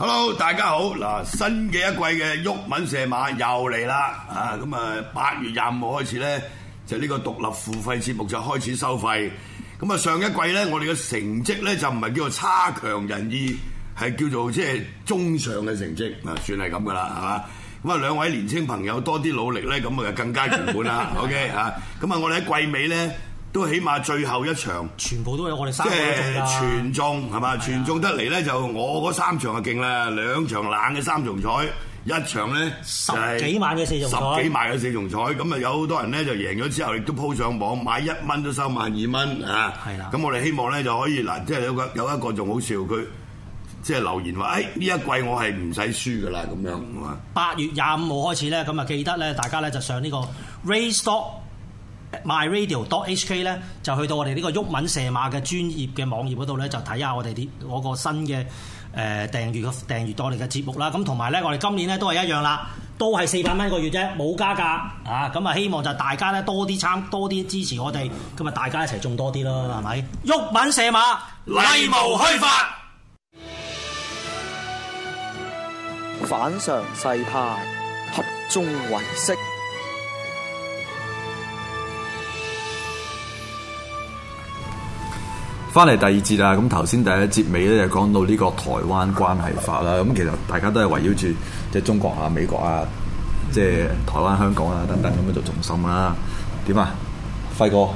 Hello，大家好！嗱，新嘅一季嘅《毓民射馬又》又嚟啦！啊，咁啊八月廿五號開始咧，就呢個獨立付費節目就開始收費。咁啊，上一季咧，我哋嘅成績咧就唔係叫做差強人意，係叫做即係中上嘅成績啊，算係咁噶啦，係咁啊，兩位年青朋友多啲努力咧，咁啊更加圓滿啦。 OK，嚇！咁啊，我哋喺季尾咧。都起碼最後一場，全部都有我哋三場中啊！即係全中係嘛？是的 全中得嚟咧就我嗰三場就勁啦，兩場冷嘅三重彩，一場咧十幾萬嘅四重彩，十幾萬嘅四重彩咁啊！有好多人咧就贏咗之後亦都鋪上網買一蚊都收萬二蚊啊！係啦，咁我哋希望咧就可以嗱，即係有個有一個仲好笑，佢即係留言話，誒呢一季我係唔使輸㗎啦咁樣，八月廿五號開始咧，咁啊記得咧大家咧就上呢個 Race Stock myradio.hk 咧就去到我哋呢個毓民射馬嘅專業嘅網頁嗰度咧，就睇下我哋啲我個新嘅誒訂閱嘅訂閱度嚟嘅節目啦。咁同埋咧，我哋今年咧都係一樣啦，都係四百蚊一個月啫，冇加價啊。咁啊，希望就大家咧多啲參多啲支持我哋，咁啊，大家一齊種多啲咯，係咪、嗯？毓民射馬，例無虛發，反常世態，合眾唯識。翻嚟第二節啦，咁頭先第一節尾咧就講到呢個台灣關係法啦。咁其實大家都係圍繞住即係中國啊、美國啊、即係台灣、香港啊等等咁樣做重心啦。點啊，輝哥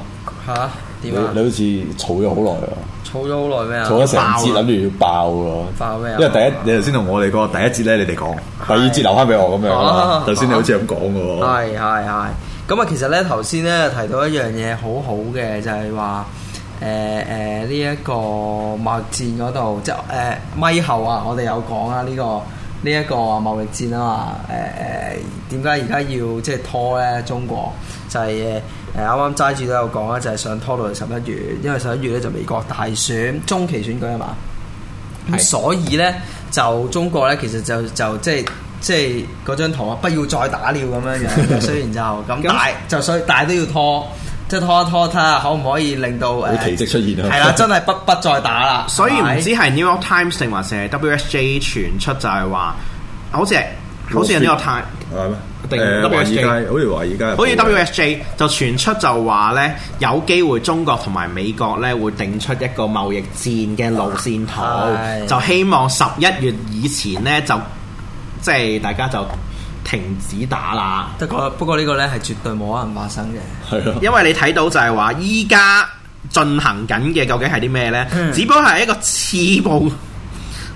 吓？點啊？你好似儲咗好耐啊！儲咗好耐咩啊？儲咗成節諗住要爆喎！爆咩啊？因為第一你頭先同我哋講第一節咧，你哋講第二節留翻俾我咁樣啦。頭先你好似咁講嘅喎。係係係。咁啊，其實咧頭先咧提到一樣嘢好好嘅，就係話，誒誒呢一個貿易戰嗰度，即係誒咪後啊，我哋有講啊，呢、這個呢一、這個貿易戰啊嘛，誒誒點解而家要即係拖咧？中國就係誒啱啱齋住都有講啦，就係、是、想拖到十一月，因為十一月咧就美國大選中期選舉係嘛？是所以咧就中國咧其實就就即係即係嗰張圖啊，不要再打了咁樣樣。 雖然就咁大就所以大都要拖。即拖拖睇下可唔可以令到誒，奇跡出現啊！係啦，真係不不再打啦。 所以唔知係 New York Times 定還是係 WSJ 傳出就係話，好似係好似 New York Times 定 WSJ 好似話而家，好似、呃、WSJ 就傳出就話呢，有機會中國同埋美國呢會定出一個貿易戰嘅路線圖， 就希望十一月以前呢，就即係大家就。停止打啦！不過不過呢個呢係絕對冇可能發生嘅，對了 因為你睇到就係話依家進行緊嘅究竟係啲咩呢？嗯、只不過係一個次步。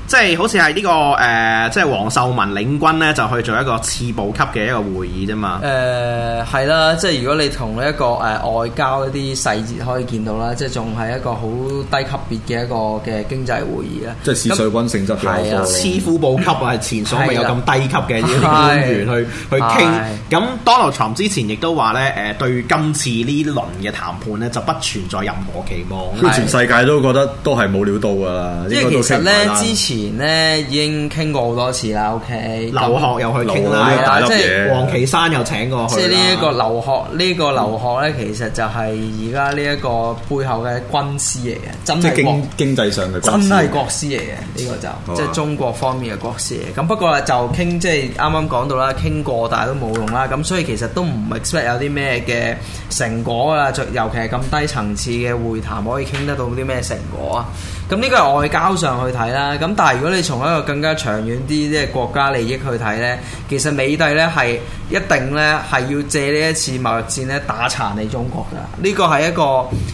即係好似係呢個誒，即係王受文領軍咧，就去做一個次部級嘅一個會議啫嘛。誒係啦，即係如果你同呢一個誒外交一啲細節可以見到啦，即係仲係一個好低級別嘅一個嘅經濟會議啊。即係試水軍性質係啊，次副部級啊，係前所未有咁低級嘅呢啲官員去去傾。咁 Donald Trump 之前亦都話咧，誒對今次呢輪嘅談判咧就不存在任何期望。全世界都覺得都係冇料到㗎啦。因為其實咧之前。前咧已經傾過好多次啦，OK。劉鶴又去傾啦，即係王岐山又請過去即。即係呢一個劉鶴，呢個劉鶴咧，其實就係而家呢一個背後嘅軍師嚟嘅，即真係經經濟上嘅。真係國師嚟嘅呢個就，好啊、即係中國方面嘅國師。咁不過就傾即係啱啱講到啦，傾過但係都冇用啦。咁所以其實都唔 expect 有啲咩嘅成果啦，尤其係咁低層次嘅會談可以傾得到啲咩成果啊？咁呢個係外交上去睇啦，咁但係如果你從一個更加長遠啲即係國家利益去睇呢，其實美帝呢係一定呢係要借呢一次貿易戰呢打殘你中國㗎。呢個係一個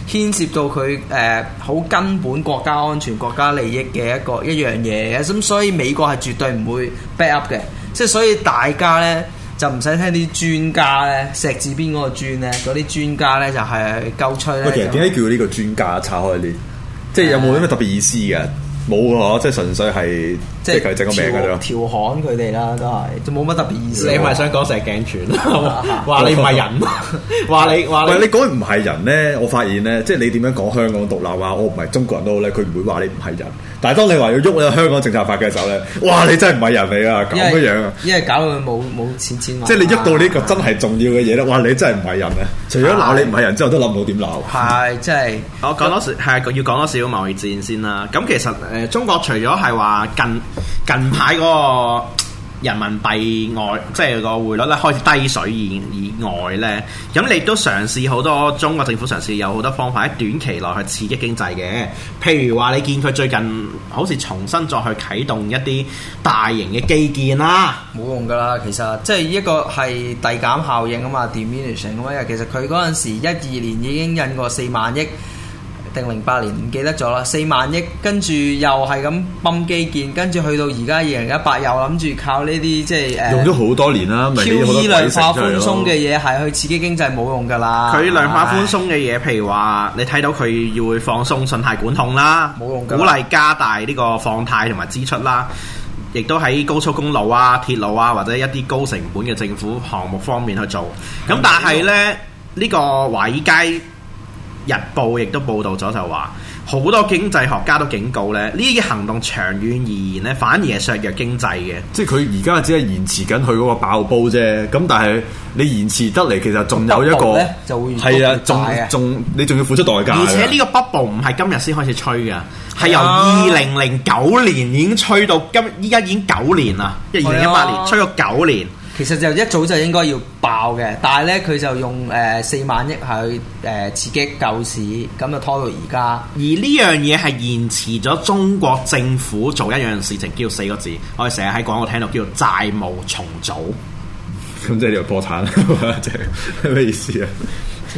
牽涉到佢誒好根本國家安全、國家利益嘅一個一樣嘢嘅。咁所以美國係絕對唔會 back up 嘅。即係所以大家呢就唔使聽啲專家呢，石字邊嗰個專咧，嗰啲專家呢就係鳩吹咧。其實點解叫呢個專家拆開啲？即係有冇啲咩特別意思嘅？冇嘅嗬，即係純粹係。即係佢整個名㗎啫，調行佢哋啦，都係就冇乜特別意思。你咪想講石鏡泉咯，話你唔係人，話你話你唔係人咧，我發現咧，即係你點樣講香港獨立啊，我唔係中國人都好咧，佢唔會話你唔係人。但係當你話要喐香港《政策法》嘅時候咧，哇！你真係唔係人嚟啊，咁樣樣啊，因為搞到佢冇冇錢錢。即係你喐到呢個真係重要嘅嘢咧，哇！你真係唔係人啊！除咗鬧你唔係人之後，都諗唔到點鬧。係，即係我講多少要講多少少貿易戰先啦。咁其實誒，中國除咗係話近。近排嗰個人民幣外即係個匯率咧，開始低水以以外咧，咁你都嘗試好多中國政府嘗試有好多方法喺短期內去刺激經濟嘅，譬如話你見佢最近好似重新再去啟動一啲大型嘅基建啦，冇用噶啦，其實即係一個係遞減效應啊嘛，diminishing 咁樣，其實佢嗰陣時一二年已經印過四萬億。定零八年唔記得咗啦，四萬億，跟住又係咁泵基建，跟住去到而家二零一八又諗住靠呢啲即係、呃、用咗好多年啦，超易量化，化寬鬆嘅嘢係去刺激經濟冇用噶啦。佢量化寬鬆嘅嘢，譬吧如話你睇到佢要會放鬆信貸管控啦，冇用。鼓勵加大呢個放貸同埋支出啦，亦都喺高速公路啊、鐵路啊或者一啲高成本嘅政府項目方面去做。咁嗎但係呢，呢、呢個華爾街。日報亦都報道咗就話，好多經濟學家都警告咧，呢啲行動長遠而言咧，反而係削弱經濟嘅。即係佢而家只係延遲緊佢嗰個爆煲啫，咁但係你延遲得嚟，其實仲有一個，就會變大啊！係啊，仲仲你仲要付出代價。而且呢個 bubble 唔係今日先開始吹嘅，係、啊、由二零零九年已經吹到今依家已經九年啦，即係二零一八年吹咗九年。其實就一早就應該要爆嘅，但係呢，佢就用誒四，呃、萬億去誒，呃、刺激救市，咁就拖到而家。而呢樣嘢係延遲咗中國政府做一樣事情，叫四個字，我哋成日喺廣告聽到叫債務重組。咁即係你又破產啦？即係咩意思啊？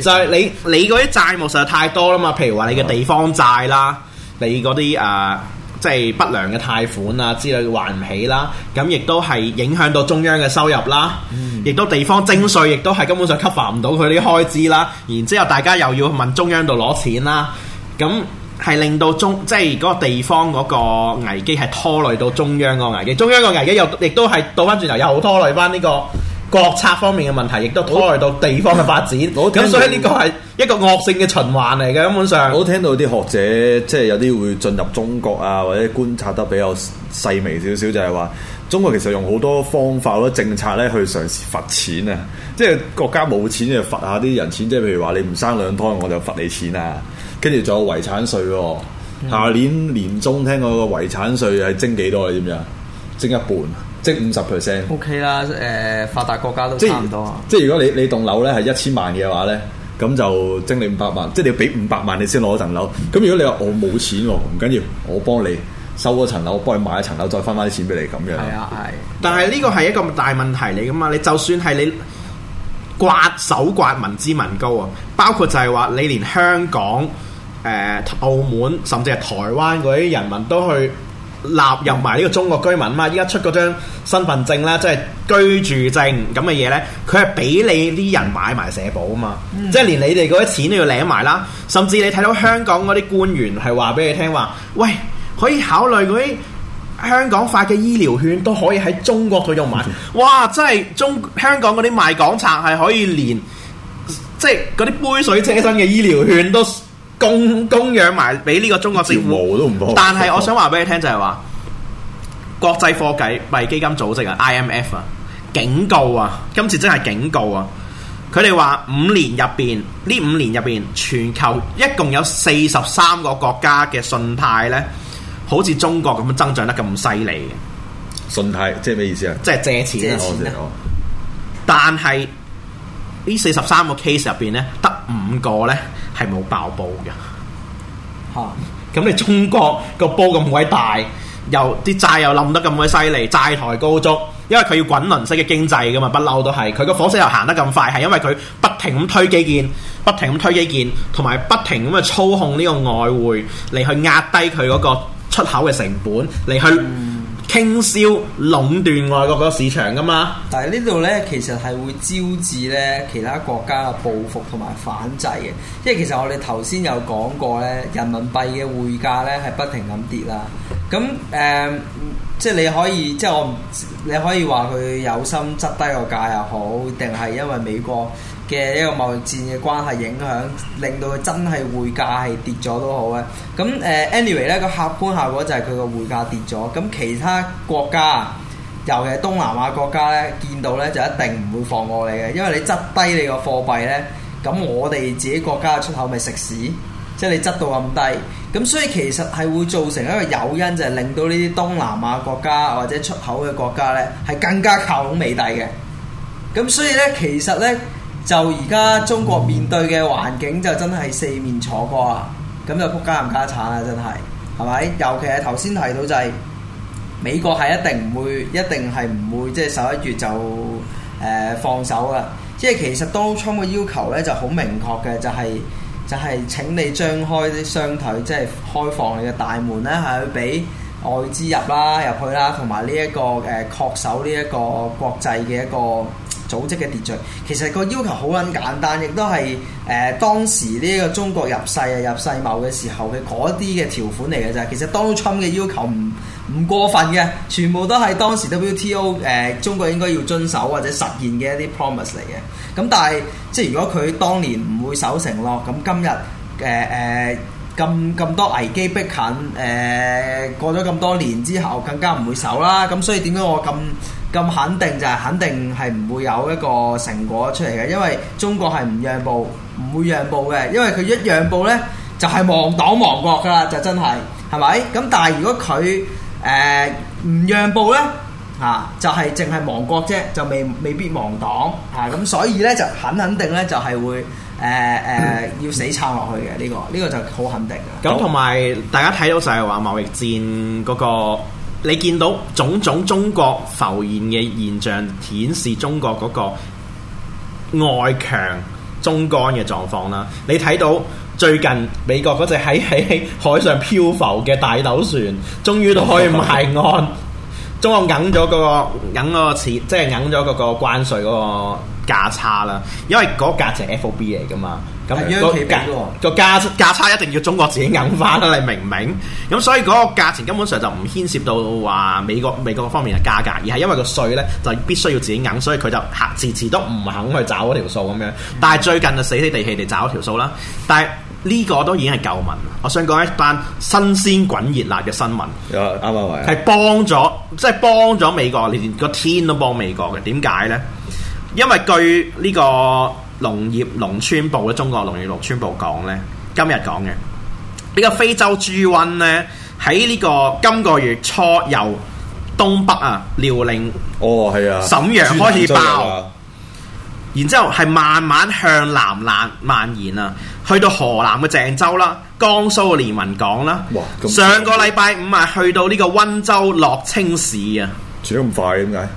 就係你你嗰啲債務實在太多啦嘛，譬如話你嘅地方債啦，你嗰啲啊。呃即係不良嘅貸款啊之類還唔起啦，咁亦都係影響到中央嘅收入啦，亦、嗯、都地方徵稅，亦都係根本上吸發唔到佢啲開支啦。然之後大家又要問中央度攞錢啦，咁係令到中即係嗰個地方嗰個危機係拖累到中央個危機，中央個危機又亦都係倒翻轉頭又好拖累翻、這、呢個。國策方面嘅問題，亦都拖累到地方嘅發展。咁 所以呢個係一個惡性嘅循環嚟嘅，根本上。我都聽到啲學者，即係有啲會進入中國啊，或者觀察得比較細微少少，就係、是、話中國其實用好多方法好多政策咧去嘗試罰錢啊，即係國家冇錢就罰下啲人錢，即係譬如話你唔生兩胎，我就罰你錢啊。跟住仲有遺產稅啊，嗯、下年年中聽講個遺產稅係徵幾多？你知唔知啊？徵一半。即五十 percent，O K 啦，誒、okay, 呃、發達國家都差唔多啊。即係如果你你棟樓咧係一千萬嘅話咧，咁就徵你五百萬，即係你要俾五百萬你先攞一層樓。咁、嗯、如果你話我冇錢喎，唔緊要，我幫你收嗰層樓，幫你買一層樓，再分翻啲錢俾你咁樣。係啊，係、啊。但係呢個係一個大問題嚟噶嘛？你就算係你刮手刮民脂民膏啊，包括就係話你連香港、誒、呃、澳門甚至係台灣嗰啲人民都去。納入埋呢個中國居民嘛？依家出嗰張身份證啦，即係居住證咁嘅嘢呢，佢係俾你啲人買埋社保啊嘛！嗯、即係連你哋嗰啲錢都要領埋啦。甚至你睇到香港嗰啲官員係話俾你聽話，喂，可以考慮嗰啲香港發嘅醫療券都可以喺中國度用埋。嗯、哇！真係中香港嗰啲賣港賊係可以連即係嗰啲杯水車薪嘅醫療券都～ 供供養埋俾呢個中國政府，都但係我想話俾你聽就係話， 國際貨幣基金組織啊，IMF 啊，IM F, 警告啊，今次真係警告啊！佢哋話五年入邊呢五年入邊，全球一共有四十三個國家嘅信貸呢，好似中國咁樣增長得咁犀利嘅信貸，即係咩意思啊？即係借錢啊！但係呢四十三個 case 入邊呢，得五個呢。係冇爆煲嘅，嚇、啊！咁你中國個波咁鬼大，又啲債又冧得咁鬼犀利，債台高築。因為佢要滾輪式嘅經濟噶嘛，不嬲都係。佢個火車又行得咁快，係因為佢不停咁推基建，不停咁推基建，同埋不停咁去操控呢個外匯嚟去壓低佢嗰個出口嘅成本，嚟去。嗯傾銷壟斷外國嗰個市場㗎嘛？但係呢度呢，其實係會招致呢其他國家嘅報復同埋反制嘅。即係其實我哋頭先有講過呢，人民幣嘅匯價呢係不停咁跌啦。咁誒、呃，即係你可以，即係我唔，你可以話佢有心執低個價又好，定係因為美國嘅一個貿易戰嘅關係影響，令到佢真係匯價係跌咗都好咧。咁誒，anyway 咧個客觀效果就係佢個匯價跌咗。咁其他國家啊，尤其係東南亞國家咧，見到咧就一定唔會放過你嘅，因為你質低你個貨幣咧，咁我哋自己國家嘅出口咪食屎，即係你質到咁低。咁所以其實係會造成一個誘因，就係令到呢啲東南亞國家或者出口嘅國家咧，係更加靠緊美帝嘅。咁所以咧，其實咧。就而家中國面對嘅環境就真係四面楚歌啦，咁就撲家唔家產啊！真係，係咪？尤其係頭先提到就係美國係一定唔會，一定係唔會即係十一月就誒、呃、放手啊！即係其實當初嘅要求咧就好明確嘅，就係、是、就係、是、請你張開啲雙腿，即、就、係、是、開放你嘅大門咧，係去俾外資入啦、入去啦，同埋呢一個誒、呃、確守呢一個國際嘅一個組織嘅秩序，其實個要求好撚簡單，亦都係誒當時呢個中國入世啊入世貿嘅時候嘅嗰啲嘅條款嚟嘅啫。其實 Donald Trump 嘅要求唔唔過分嘅，全部都係當時 WTO 誒、呃、中國應該要遵守或者實現嘅一啲 promise 嚟嘅。咁但係即係如果佢當年唔會守成咯，咁今日誒誒咁咁多危機逼近，誒、呃、過咗咁多年之後，更加唔會守啦。咁所以點解我咁？咁肯定就係、是、肯定係唔會有一個成果出嚟嘅，因為中國係唔讓步，唔會讓步嘅，因為佢一讓步呢，就係、是、亡黨亡國噶啦，就真係，係咪？咁但係如果佢誒唔讓步呢，啊，就係淨係亡國啫，就未未必亡黨啊，咁所以呢，就好肯定呢，就係會誒誒要死撐落去嘅呢、這個，呢、這個就好肯定。咁同埋大家睇到就係話貿易戰嗰、那個。你見到種種中國浮現嘅現象，顯示中國嗰個外強中乾嘅狀況啦。你睇到最近美國嗰隻喺喺海上漂浮嘅大豆船，終於都可以埋岸。 中國揞咗嗰個揞個錢，即係揞咗嗰個關稅嗰個價差啦。因為嗰價值係 F O B 嚟噶嘛，咁個那價價，價差一定要中國自己揞翻啦。你明唔明？咁 所以嗰個價錢根本上就唔牽涉到話美國美國方面嘅價格，而係因為個稅咧就必須要自己揞，所以佢就遲遲都唔肯去找嗰條數咁樣。但係最近就死死地氣地找嗰條數啦。但係呢個都已經係舊聞。我想講一單新鮮滾熱辣嘅新聞。啱啱嚟，係幫咗，即係幫咗美國，連個天都幫美國嘅。點解呢？因為據呢個農業農村部咧，中國農業農村部講呢，今日講嘅呢個非洲豬瘟呢，喺呢個今個月初由東北啊，遼寧哦係啊，沈陽開始爆。哦。然之後係慢慢向南南蔓延啦、啊，去到河南嘅鄭州啦、啊，江蘇嘅連雲港啦、啊。哇！上個禮拜五啊，去到呢個溫州樂清市啊，傳得咁快點、啊、解？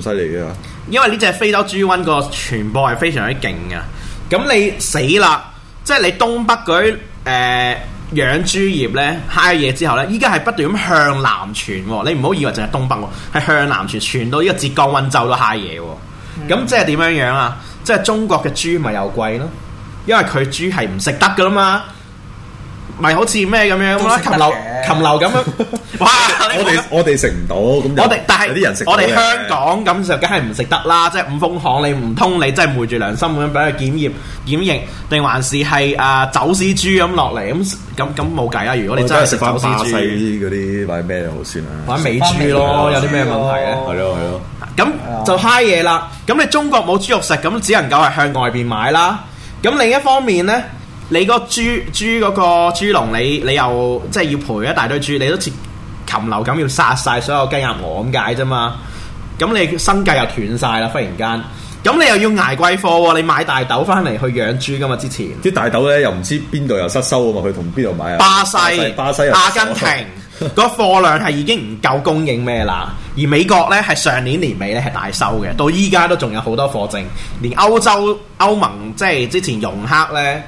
咁犀利嘅？啊、因為呢隻非洲豬瘟個傳播係非常之勁嘅。咁你死啦，即係你東北嗰啲誒養豬業呢，h 嘢之後呢，依家係不斷咁向南傳、啊。你唔好以為就係東北喎、啊，係向南傳，傳到呢個浙江溫州都 h 嘢喎。咁即係點樣樣啊？即係中國嘅豬咪又貴囉，因為佢豬係唔食得㗎喇嘛。咪好似咩咁樣咯，禽流禽流咁樣，哇！我哋我哋食唔到，咁我哋但係有啲人食，我哋香港咁就梗係唔食得啦。即係五豐行，你唔通你真係昧住良心咁樣俾佢檢驗檢疫，定還是係誒走私豬咁落嚟？咁咁咁冇計啊！如果你真係食翻巴西嗰啲嗰啲買咩好先啊？買美豬咯，有啲咩問題咧？係咯係咯，咁就嗨嘢啦。咁你中國冇豬肉食，咁只能夠係向外邊買啦。咁另一方面咧。你嗰個豬豬嗰個豬籠，你你又即係要賠一大堆豬，你都似禽流感要殺晒所有雞鴨鵝咁解啫嘛？咁你生計又斷晒啦，忽然間，咁你又要挨貴貨，你買大豆翻嚟去養豬噶嘛？之前啲大豆咧又唔知邊度又失收啊嘛？去同邊度買啊？巴西、巴西、巴西、阿根廷，個貨 量係已經唔夠供應咩啦？而美國咧係上年年尾咧係大收嘅，到依家都仲有好多貨剩，連歐洲歐盟即係之前容克咧。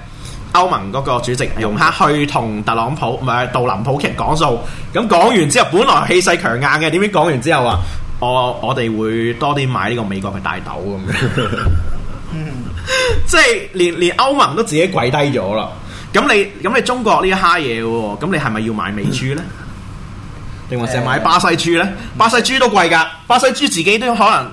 歐盟嗰個主席容克去同特朗普唔係杜林普傾講數，咁講完之後本來氣勢強硬嘅，點知講完之後啊，我我哋會多啲買呢個美國嘅大豆咁樣， 即係連連歐盟都自己跪低咗啦，咁 你咁你中國呢一哈嘢喎，咁你係咪要買美豬呢？定成日買巴西豬呢、欸巴西豬？巴西豬都貴噶巴西豬自己都可能。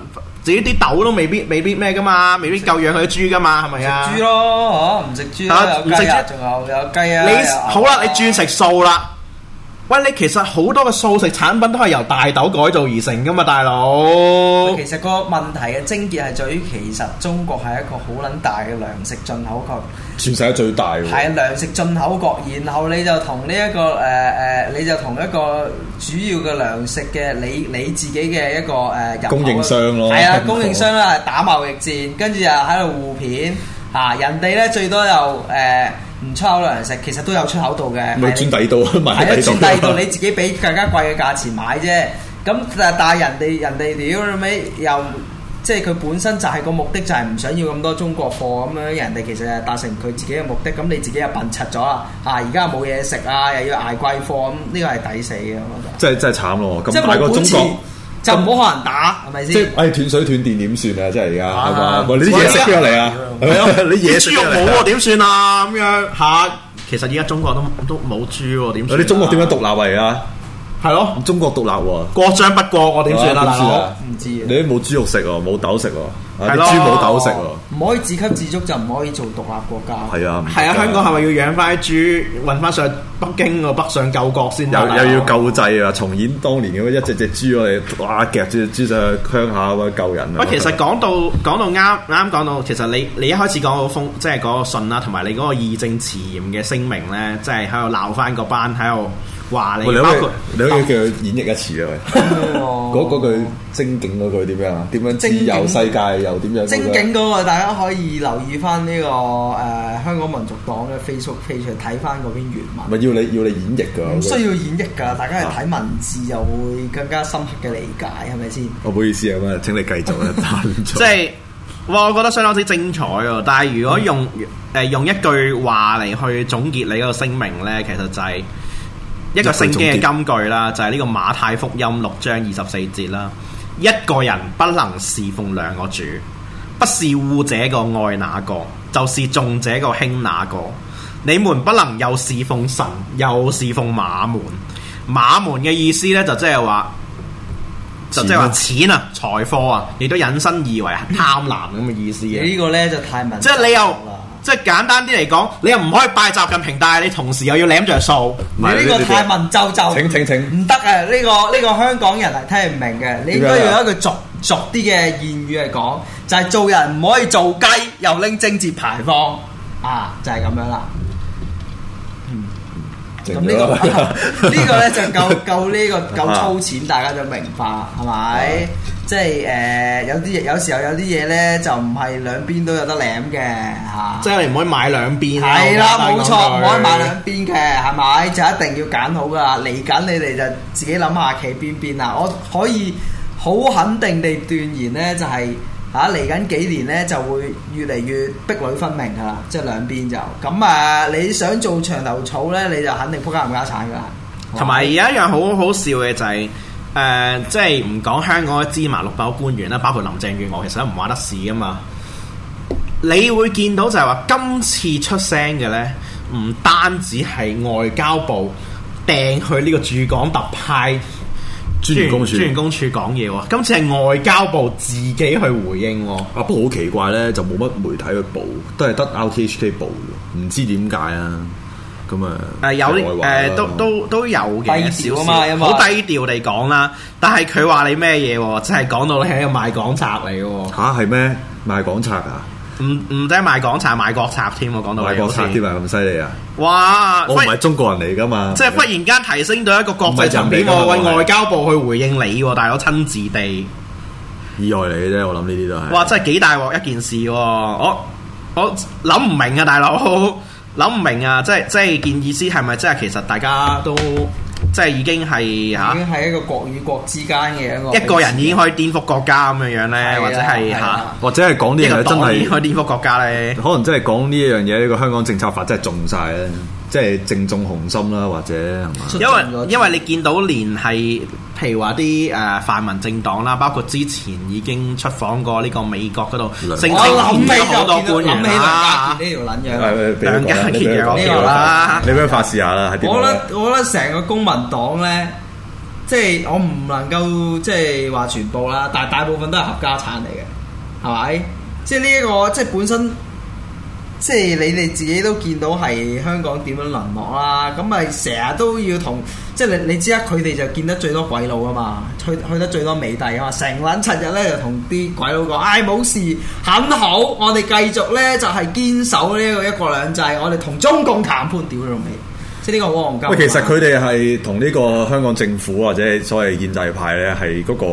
自己啲豆都未必未必咩噶嘛，未必夠養佢啲豬噶嘛，係咪啊？豬咯，嚇唔食豬啦，唔食豬，仲有有雞啊，好啦，嗯、你轉食素啦。喂，你其實好多嘅素食產品都係由大豆改造而成㗎嘛，大佬。其實個問題嘅症結係在於，其實中國係一個好撚大嘅糧食進口國，全世界最大喎。係糧食進口國，然後你就同呢、這、一個誒誒、呃，你就同一個主要嘅糧食嘅你你自己嘅一個誒、呃、供應商咯。係啊、嗯，對供應商啦，嗯、打貿易戰，跟住又喺度互片，啊！人哋咧最多又誒。呃唔出口糧食，其實都有出口度嘅。咪轉第二度第二度。係你啊，轉第二度，你自己俾更加貴嘅價錢買啫。咁但但人哋人哋屌到尾又即係佢本身就係個目的，就係、是、唔想要咁多中國貨咁樣。人哋其實係達成佢自己嘅目的。咁你自己又笨柒咗啦。啊！而家冇嘢食啊，又要捱貴貨咁，呢個係抵死嘅。即係真係慘咯！咁即係買個中國。就唔好學人打，係咪先？即係、哎、斷水斷電點算啊！即係而家，係嘛？你啲嘢食咗嚟啊！係 啊，啲野豬肉冇喎，點算啊？咁樣嚇！其實而家中國都都冇豬喎，啊，點算，啊？你中國點樣獨立為啊？係咯，中國獨立喎、啊，國將不國，我點算啊？唔知啊，哥知你都冇豬肉食喎、啊，冇豆食喎、啊，啲豬冇豆食喎、啊，唔可以自給自足就唔可以做獨立國家。係啊，係啊，啊，香港係咪要養翻啲豬，運翻上北京個北上救國先、啊？又又要救濟啊，重演當年嗰一隻隻豬我哋哇夾住隻豬上去鄉下喂，救人、啊。喂不，啊、其實講到講到啱啱講到，其實你你一開始講到封即係嗰個信啦、啊，同埋你嗰個義正詞嚴嘅聲明咧，即係喺度鬧翻個班喺度。話你，你叫佢演繹一次啊！喂，嗰句精警嗰句點樣啊？點樣？自由世界又點樣？精警嗰個，大家可以留意翻呢個誒香港民族黨嘅 Facebook page 睇翻嗰篇原文。唔係要你要你演繹噶，唔需要演繹噶，大家係睇文字又會更加深刻嘅理解，係咪先？我唔好意思啊，咁啊，請你繼續啦，即係哇，我覺得相當之精彩啊！但係如果用誒用一句話嚟,去總結你個聲明咧，其實就係，一個聖經嘅金句啦，就係呢個馬太福音六章二十四節啦。一個人不能侍奉兩個主，不是護者個愛那個，就是重者個輕那個。你們不能又侍奉神，又侍奉馬門。馬門嘅意思呢，就即係話，就即係話錢啊、財貨啊，亦都引申而為係貪婪咁嘅意思嘅。呢個呢，就太民即係你又。即係簡單啲嚟講，你又唔可以拜習近平，但係你同時又要舐着數，是你呢個太文就就，請請請，唔得啊！呢、這個呢、這個香港人係聽唔明嘅，你應該用一個俗俗啲嘅言語嚟講，就係、是、做人唔可以做雞，又拎政治牌坊啊！就係、是、咁樣啦。嗯，咁呢個呢、嗯這個咧個 就夠夠呢、這個夠粗淺，啊、大家就明白係咪？即係誒，有啲嘢，有時候有啲嘢咧，就唔係兩邊都有得舐嘅嚇。即係你唔可以買兩邊。係啦，冇錯，唔可以買兩邊嘅，係咪？就一定要揀好噶啦。嚟緊你哋就自己諗下，企邊邊啦。我可以好肯定地斷言咧，就係嚇嚟緊幾年咧，就會越嚟越壁壘分明噶啦，即係兩邊就。咁啊，你想做長頭草咧，你就肯定撲街冚家鏟噶啦。同埋而家一樣好好笑嘅就係。誒、呃，即係唔講香港嘅芝麻綠豆官員啦，包括林鄭月娥，其實唔話得事噶嘛。你會見到就係話，今次出聲嘅呢，唔單止係外交部掟去呢個駐港特派專員專員公署講嘢喎，今次係外交部自己去回應喎。啊，不過好奇怪呢，就冇乜媒體去報，都係得 RTHK 報，唔知點解啊！咁啊，誒有啲誒都都都有嘅少啊嘛，好低調地講啦。但係佢話你咩嘢？即係講到你喺度賣港賊嚟嘅。嚇係咩？賣港賊啊？唔唔，即係賣港賊賣國賊添。講到賣國賊添啊，咁犀利啊？哇！我唔係中國人嚟噶嘛。即係忽然間提升到一個國際層面喎，搵外交部去回應你，但係大佬親自地意外嚟嘅啫。我諗呢啲都係哇，真係幾大鑊一件事喎。我我諗唔明啊，大佬。諗唔明是是是啊！即係即係，件意思係咪即係？其實大家都即係已經係吓，啊、已經係一個國與國之間嘅一個，一個人已經可以顛覆國家咁樣樣咧，或者係吓，或者係講啲嘢真係可以顛覆國家咧。可能真係講呢一樣嘢，呢個香港《政策法》真係中晒咧，即係正中紅心啦，或者係嘛？因為因為你見到連係。譬如話啲誒泛民政黨啦，包括之前已經出訪過呢個美國嗰度，升級見到好多官員啦。梁家傑樣呢條啦，你唔好發泄下啦。我覺得我覺得成個公民黨咧，即係我唔能夠即係話全部啦，但係大部分都係合家產嚟嘅，係咪？即係呢一個即係本身。即係你哋自己都見到係香港點樣淪落啦，咁咪成日都要同即係你你知啦，佢哋就見得最多鬼佬啊嘛，去去得最多美帝啊嘛，成晚七日咧就同啲鬼佬講，唉、哎、冇事，很好，我哋繼續咧就係、是、堅守呢個一國兩制，我哋同中共談判屌你老味。即呢個黃金。其實佢哋係同呢個香港政府或者所謂現制派咧，係嗰個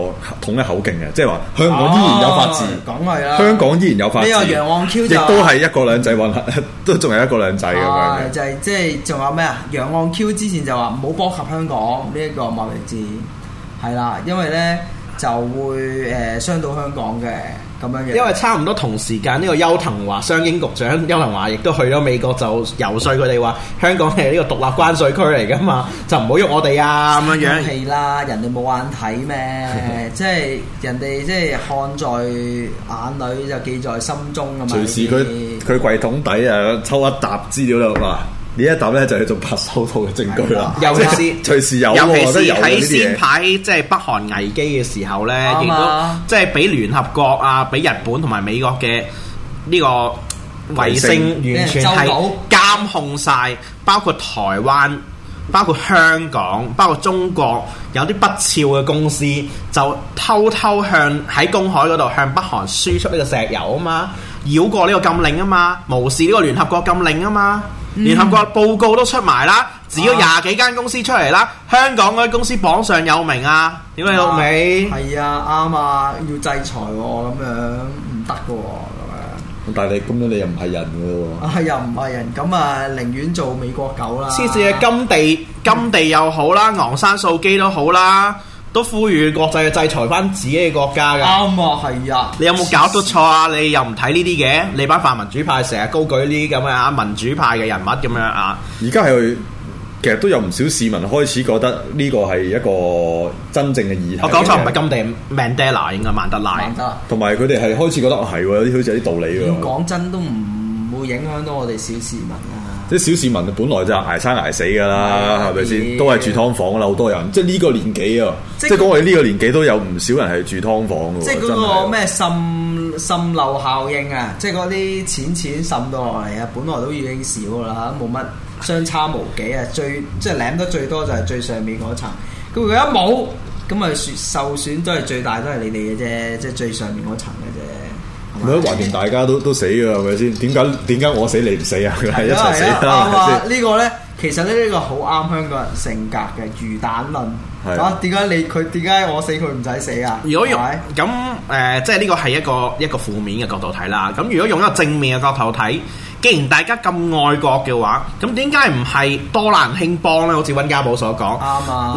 統一口徑嘅，即係話香港依然有法治，梗係啦、啊，香港依然有法治。呢個楊望 Q 就亦、是、都係一國兩制混合，都仲係一國兩制咁樣就係，即係仲有咩啊？就是、楊望 Q 之前就話唔好波及香港呢一個貿易戰，係啦，因為咧就會誒、呃、傷到香港嘅。樣因為差唔多同時間，呢個邱騰華商經局長邱騰華亦都去咗美國，就游說佢哋話香港係呢個獨立關稅區嚟噶嘛， 就唔好喐我哋啊咁 樣。 係啦，人哋冇眼睇咩？即係人哋即係看在眼裏，就記在心中咁嘛。 隨時佢佢 櫃桶底啊，抽一沓資料啦。一呢一啖咧就係做白手套嘅證據啦，是嗎是尤其是隨時有喎，喺先排即係北韓危機嘅時候呢，見到吧即係俾聯合國啊，俾日本同埋美國嘅呢個衛星完全係監控晒，包括台灣、包括香港、包括中國有啲不肖嘅公司就偷偷向喺公海嗰度向北韓輸出呢個石油啊嘛，繞過呢個禁令啊嘛，無視呢個聯合國禁令啊嘛。聯合、嗯、國報告都出埋啦，只要廿幾間公司出嚟啦，啊、香港嗰啲公司榜上有名啊！點啊，老味係啊，啱啊，要制裁咁樣唔得噶，咁啊！樣啊但係咁樣你又唔係人噶喎，啊，係又唔係人，咁啊寧願做美國狗啦。黐線嘅金地，金地又好啦，嗯、昂山素姬都好啦。都呼籲國際嘅制裁翻自己嘅國家㗎。啱啊，係啊。你有冇搞出錯啊？你又唔睇呢啲嘅？你班泛民主派成日高舉呢啲咁嘅啊民主派嘅人物咁樣啊。而家係其實都有唔少市民開始覺得呢個係一個真正嘅議題，我。我講錯，唔係甘地，曼德拉，應該曼德拉。同埋佢哋係開始覺得，哦係喎，有啲好似有啲道理喎。講真都唔會影響到我哋小市民。即小市民本來就挨生挨死噶啦，係咪先？都係住劏房啦，好多人。即係呢個年紀啊，即係講起呢個年紀都有唔少人係住劏房。即係、那、嗰個咩滲滲漏效應啊，即係嗰啲錢錢滲到落嚟啊，本來都已經少啦，冇乜相差無幾啊。 最即係舐得最多就係最上面嗰層。咁佢一冇，咁啊咪受損都係最大，都係你哋嘅啫，即係最上面嗰層嘅啫。你好懷念大家都都死嘅係咪先？點解點解我死你唔死啊？係的 一齊死啊！吧個呢個咧，其實咧呢個好啱香港人性格嘅魚蛋論。啊的，點解你佢點解我死佢唔使死啊？如果用咁誒吧、呃，即係呢個係一個一個負面嘅角度睇啦。咁如果用一個正面嘅角度睇。既然大家咁愛國嘅話，咁點解唔係多難興邦咧？好似温家寶所講，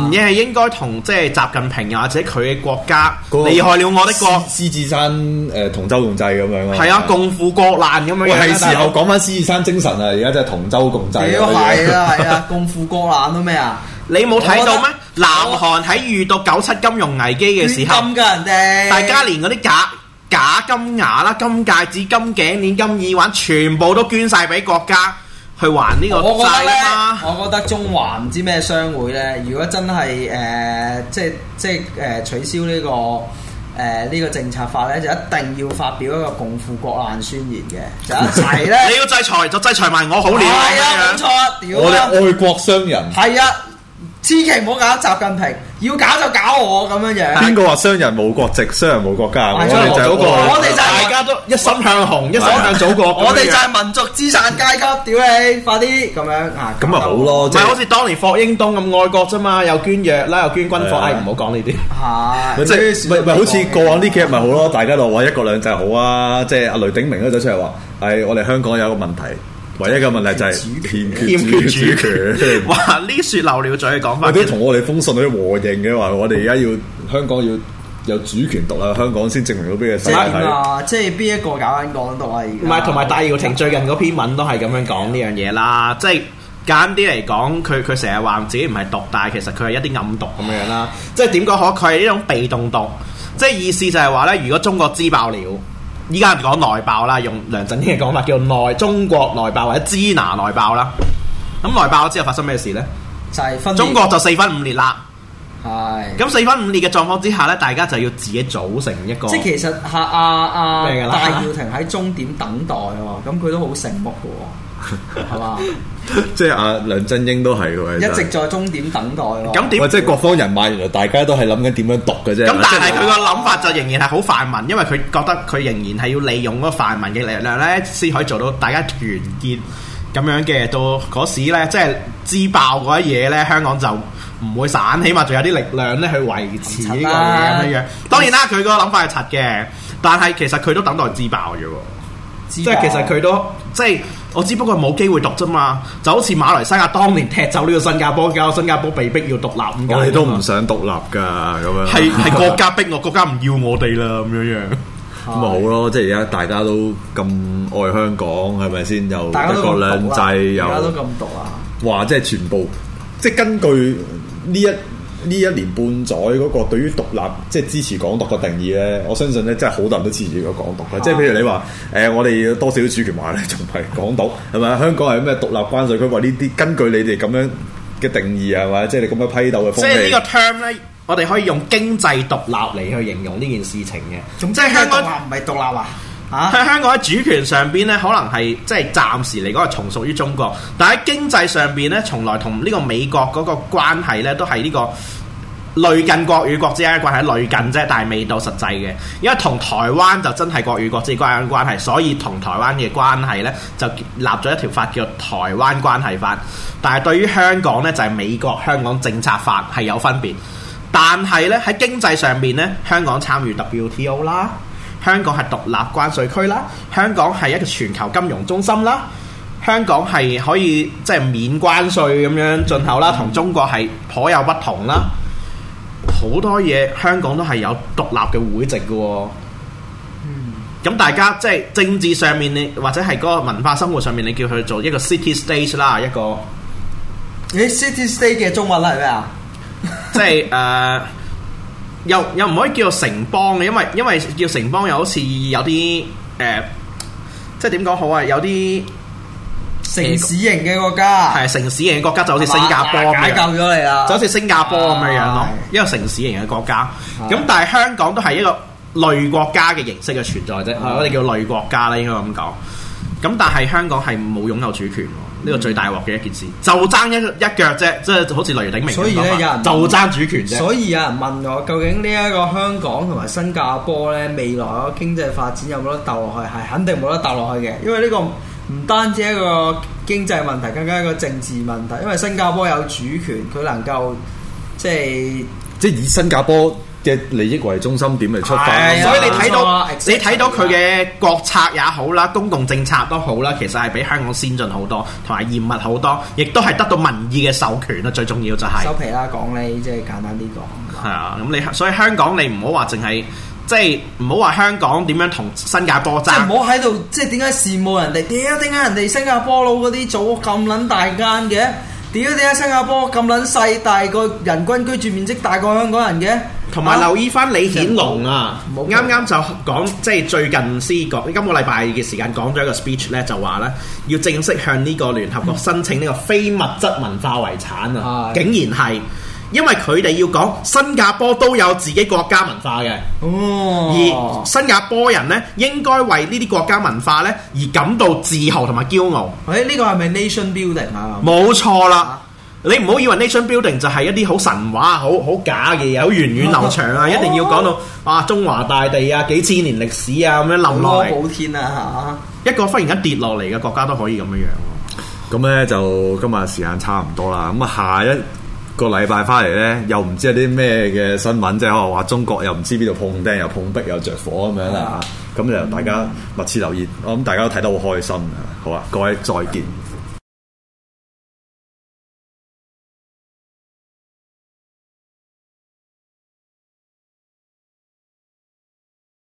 唔應係應該同即係習近平又或者佢嘅國家，厲害了我的國。獅子山誒同舟共濟咁樣啊！係啊，共赴國難咁樣。係時候講翻獅子山精神啊！而家真係同舟共濟。係啊係啊，共赴國難都咩啊？你冇睇到咩？南韓喺遇到九七金融危機嘅時候，鉚人哋，大家連嗰啲假。假金牙啦、金戒指、金頸鏈、金耳環，全部都捐晒俾國家去還呢個債啦，啊！我覺得我覺得中華唔知咩商會呢，如果真係誒、呃，即係取消呢、這個誒呢、呃這個政策法呢，就一定要發表一個共赴國難宣言嘅，就一齊咧！ 你要制裁就制裁埋我，好唔好？係啊，冇好、啊、錯，我哋愛國商人係分、嗯、啊！千祈唔好搞習近平，要搞就搞我咁樣樣。邊個話商人冇國籍？商人冇國家。我哋就係我哋就係大家都一心向紅，一心向祖國。我哋就係民族資產階級，屌你！快啲咁樣啊！咁咪好咯，唔係好似當年霍英東咁愛國啫嘛？又捐藥，啦又捐軍火，唉，唔好講呢啲。係，即係好似過往呢幾日咪好咯？大家就話一國兩制好啊！即係阿雷鼎鳴嗰陣出嚟話，係我哋香港有一個問題。唯一嘅問題就係欠缺主權，即呢説漏了嘴講翻，啲同 我哋封信嗰啲和應嘅話，我哋而家要香港要有主權獨啦，香港先證明到邊個世界。即係邊一個搞緊港獨啊？唔係，同埋戴耀廷最近嗰篇文都係咁樣講呢樣嘢啦。即係、啊、簡啲嚟講，佢佢成日話自己唔係獨，但係其實佢係一啲暗獨咁樣啦。即係點講好？佢係呢種被動獨。即、就、係、是、意思就係話咧，如果中國支爆了。依家講內爆啦，用梁振英嘅講法叫內中國內爆或者支那內爆啦。咁內爆之後發生咩事咧？就係分，中國就四分五裂啦。係是。咁四分五裂嘅狀況之下咧，大家就要自己組成一個。即係其實阿阿阿戴耀廷喺終點等待喎、哦，咁佢都好醒目嘅喎、哦。係嘛？ 即係、啊、阿梁振英都係個一直在終點等待咯。咁點、嗯、即係各方人馬，原來大家都係諗緊點樣讀嘅啫。咁、嗯、但係佢個諗法就仍然係好泛民，因為佢覺得佢仍然係要利用嗰個泛民嘅力量咧，先可以做到大家團結咁樣嘅。到嗰時咧，即係自爆嗰啲嘢咧，香港就唔會散，起碼仲有啲力量咧去維持啦。咁樣，當然啦，佢是個諗法係柒嘅，但係其實佢都等待自爆啫。即係其實佢都即係我只不過冇機會讀啫嘛，就好似馬來西亞當年踢走呢個新加坡，搞到新加坡被逼要獨立，我哋都唔想獨立噶咁樣。 係係國家逼我，國家唔要我哋啦咁樣樣。 咁咪好咯，即係而家大家都咁愛香港，係咪先？又一國兩制，又大家都咁讀啊？話有即係全部，即係根據呢一。呢一年半載嗰個對於獨立即係、就是、支持港獨嘅定義咧，我相信咧真係好多人都支持住港獨嘅。即係譬如你話誒、呃，我哋多少啲主權話咧仲未港獨係咪？香港係咩獨立關稅區？話呢啲根據你哋咁樣嘅定義係咪？即係你咁樣批鬥嘅方式？即係呢個 term 咧，我哋可以用經濟獨立嚟去形容呢件事情嘅。咁即係香港話唔係獨立啊？喺、啊、香港喺主權上邊咧，可能係即係暫時嚟講係從屬於中國，但喺經濟上邊咧，從來同呢個美國嗰個關係咧，都係呢個類近國與國之間嘅關係，類近啫，但係未到實際嘅。因為同台灣就真係國與國之間嘅關係，所以同台灣嘅關係咧就立咗一條法叫《台灣關係法》，但係對於香港咧就係、是、美國香港政策法係有分別，但係咧喺經濟上邊咧，香港參與 WTO 啦。香港係獨立關稅區啦，香港係一個全球金融中心啦，香港係可以即係、就是、免關稅咁樣進口啦，同、嗯、中國係頗有不同啦。好多嘢香港都係有獨立嘅會籍嘅。嗯，咁大家即係、就是、政治上面你，或者係嗰個文化生活上面，你叫佢做一個 city state 啦，一個。誒、欸、city state 嘅中文啦係咩啊？即係誒。Uh, 又又唔可以叫做城邦嘅，因為因為叫城邦又好似有啲誒、呃，即係點講好啊？有啲城市型嘅國家係、呃、城市型嘅國家就好似新加坡咁樣，解救咗你啦，就好似新加坡咁樣樣咯。啊、是一個城市型嘅國家咁，的但係香港都係一個類國家嘅形式嘅存在啫的、嗯。我哋叫類國家啦，應該咁講，咁但係香港係冇擁有主權。呢個最大鑊嘅一件事，就爭一一腳啫，即係好似雷鼎明咁啊！所以有人就爭主權啫。所以有人問我，究竟呢一個香港同埋新加坡咧，未來嗰經濟發展有冇得鬥落去？係肯定冇得鬥落去嘅，因為呢個唔單止一個經濟問題，更加一個政治問題。因為新加坡有主權，佢能夠即係即係以新加坡。嘅利益為中心點嚟出發，哎、呀所以你睇到錯你睇到佢嘅國策也好啦，公共政策都好啦，其實係比香港先進好多，同埋嚴密好多，亦都係得到民意嘅授權啦。最重要就係、是、收皮啦，講你即係、就是、簡單啲講。係啊，咁你所以香港你唔好話淨係即係唔好話香港點樣同新加坡爭即，即係唔好喺度即係點解羨慕人哋？點解點解人哋新加坡佬嗰啲組屋咁撚大間嘅？點解點解新加坡咁撚細，但係個人均居住面積大過香港人嘅？同埋留意翻李顯龍啊，啱啱就講即係最近先講今個禮拜嘅時間講咗一個 speech 咧，就話咧要正式向呢個聯合國申請呢個非物質文化遺產啊！嗯、竟然係因為佢哋要講新加坡都有自己國家文化嘅，哦，而新加坡人咧應該為呢啲國家文化咧而感到自豪同埋驕傲。誒、哎，呢、呢個係咪 nation building？啊？冇錯啦。你唔好以為 nation building 就係一啲好神話、好好假嘅嘢好源遠流長啊！一定要講到啊中華大地啊，幾千年歷史啊，咁樣龍羅保天啊，吓、啊、一個忽然間跌落嚟嘅國家都可以咁樣樣。咁咧就今日時間差唔多啦，咁啊下一個禮拜翻嚟咧，又唔知係啲咩嘅新聞，即係可能話中國又唔知邊度碰釘，又碰壁，又着火咁、嗯、樣啦吓。咁就大家密切留意，嗯、我諗大家都睇得好開心啊！好啊，各位再見。